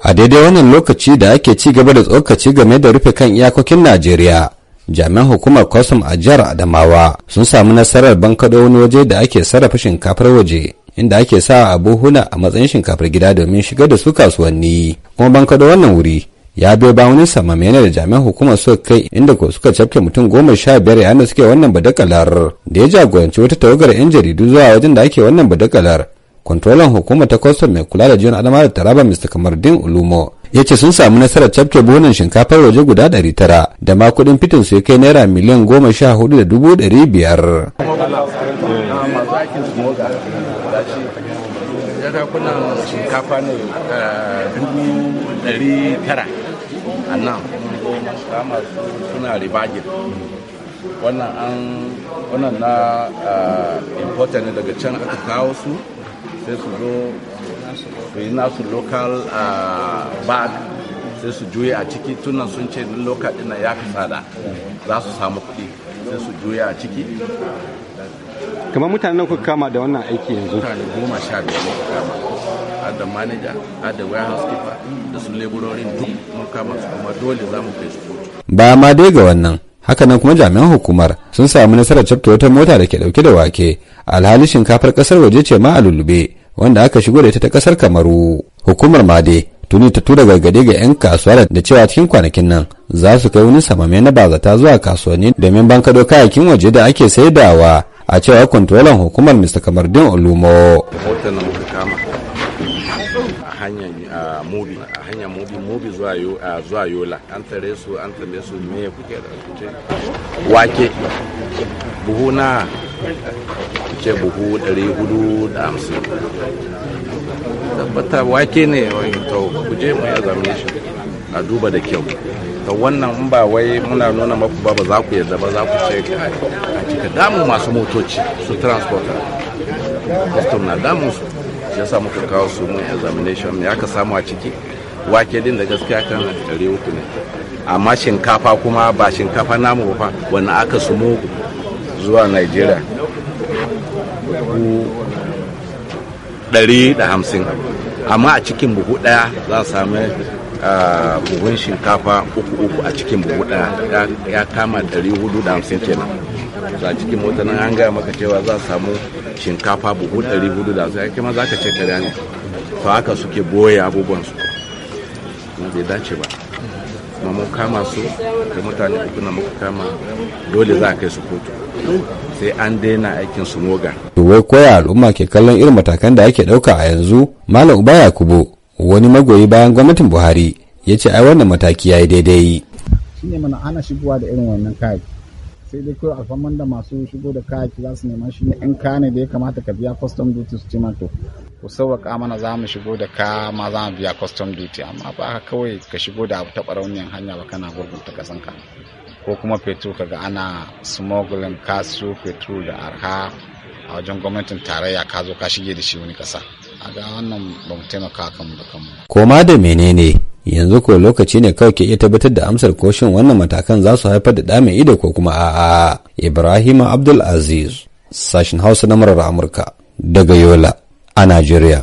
a daidai wannan lokaci da ake ci gaba da tsokaci game da rufe kan iyakokin najeriya jami'an hukumar kwasum a jihar adamawa sun samu nasarar bankaɗo wani waje da ake sarrafa shinkafar waje inda ake sa a buhuna a matsayin shinkafar gida domin shigar da su kasuwanni kuma bankaɗo wannan wuri ya biyo ba wani samame da jami'an hukumar suka kai inda ko suka cafke mutum goma sha biyar yayin da suke wannan badakalar da ya jagoranci wata tawagar 'yan jaridu zuwa wajen da ake wannan badakalar kwantrolan hukumar ta kwastam mai kula da jiyon adama da taraba mr kamardin ulumo ya ce sun samu nasarar cafke bonin shinkafar waje guda 900 da ma fitin su ya kai naira miliyan goma sha hudu da dubu ɗari biyar. Eh, ɗari tara wannan an wannan na eh, important ne daga can aka kawo su sai su zo su yi nasu local ah, bag sai su juya a ciki tunan sun ce local ɗin ya fi tsada za su samu kuɗi sai su juya a ciki kamar mutane na kuka kama da wannan aiki yanzu mutane goma sha biyar muka kama har da manager har da warehouse keeper da su leburorin duk mun kama su amma dole za mu kai su kotu ba ma dai ga wannan hakanan kuma jami'an hukumar sun samu nasarar cafta wata mota da ke dauke da wake alhali shinkafar kasar waje ce ma a lulube wanda aka shigo da ita ta kasar kamaru hukumar made tuni ta tura gargade ga 'yan kasuwa da cewa cikin kwanakin nan za su kai wani samame na bazata zuwa kasuwanni domin bankado kayakin waje da ake saidawa a cewa kwantolan hukumar mr kamardin olumo a mobi a hanyar mobi mobi zuwa yola an tare su an tare su me kuke da kuce wake buhu na kuce buhu 450 tabbata wake ne to kuje mu ya zamane shi a duba da kyau to wannan in ba wai muna nuna maku ba ba za ku yadda ba za ku ce a cika damu masu motoci su transporter custom na damun su ya samu muka kawo su mu examination ya ka samu a ciki wake din da gaskiya kan ɗari uku ne amma shinkafa kuma ba shinkafa namu ba wani aka mu zuwa nigeria buhu ɗari da hamsin amma a cikin buhu ɗaya za a sami buhun shinkafa uku uku a cikin buhu ɗaya ya kama ɗari hudu da hamsin kenan za a cikin mota nan an gaya maka cewa za a samu shinkafa buhu ɗari hudu da zai kima za ka ce karya ne to haka suke boye su kuma bai dace ba kuma mun kama su da mutane uku na muka kama dole za a kai su kotu sai an daina aikin su moga. to wai al'umma ke kallon irin matakan da ake ɗauka a yanzu malam uba yakubu wani magoyi bayan gwamnatin buhari ya ce ai wannan mataki ya yi daidai. shine mana ana shigowa da irin wannan kayaki sai dai kawai alfaman da masu shigo da kayaki za su neman shi ne in kaya ne da ya kamata ka biya custom duty su cima to ku sauwaƙa mana za mu shigo da ka ma za mu biya custom duty amma ba ka kawai ka shigo da ta barauniyan hanya ba kana gurgunta ka. ko kuma fetur ga ana smuggling kasu fetur da arha a wajen gwamnatin tarayya ka zo ka shige da shi wani kasa a ga wannan ba mu taimaka mu da kanmu koma da menene yanzu ko lokaci ne kawai ke iya tabbatar da amsar ko shin wannan matakan za su haifar da ɗa mai ido ko kuma a'a ibrahim AbdulAziz, sashen hausa na murar amurka daga yola a najeriya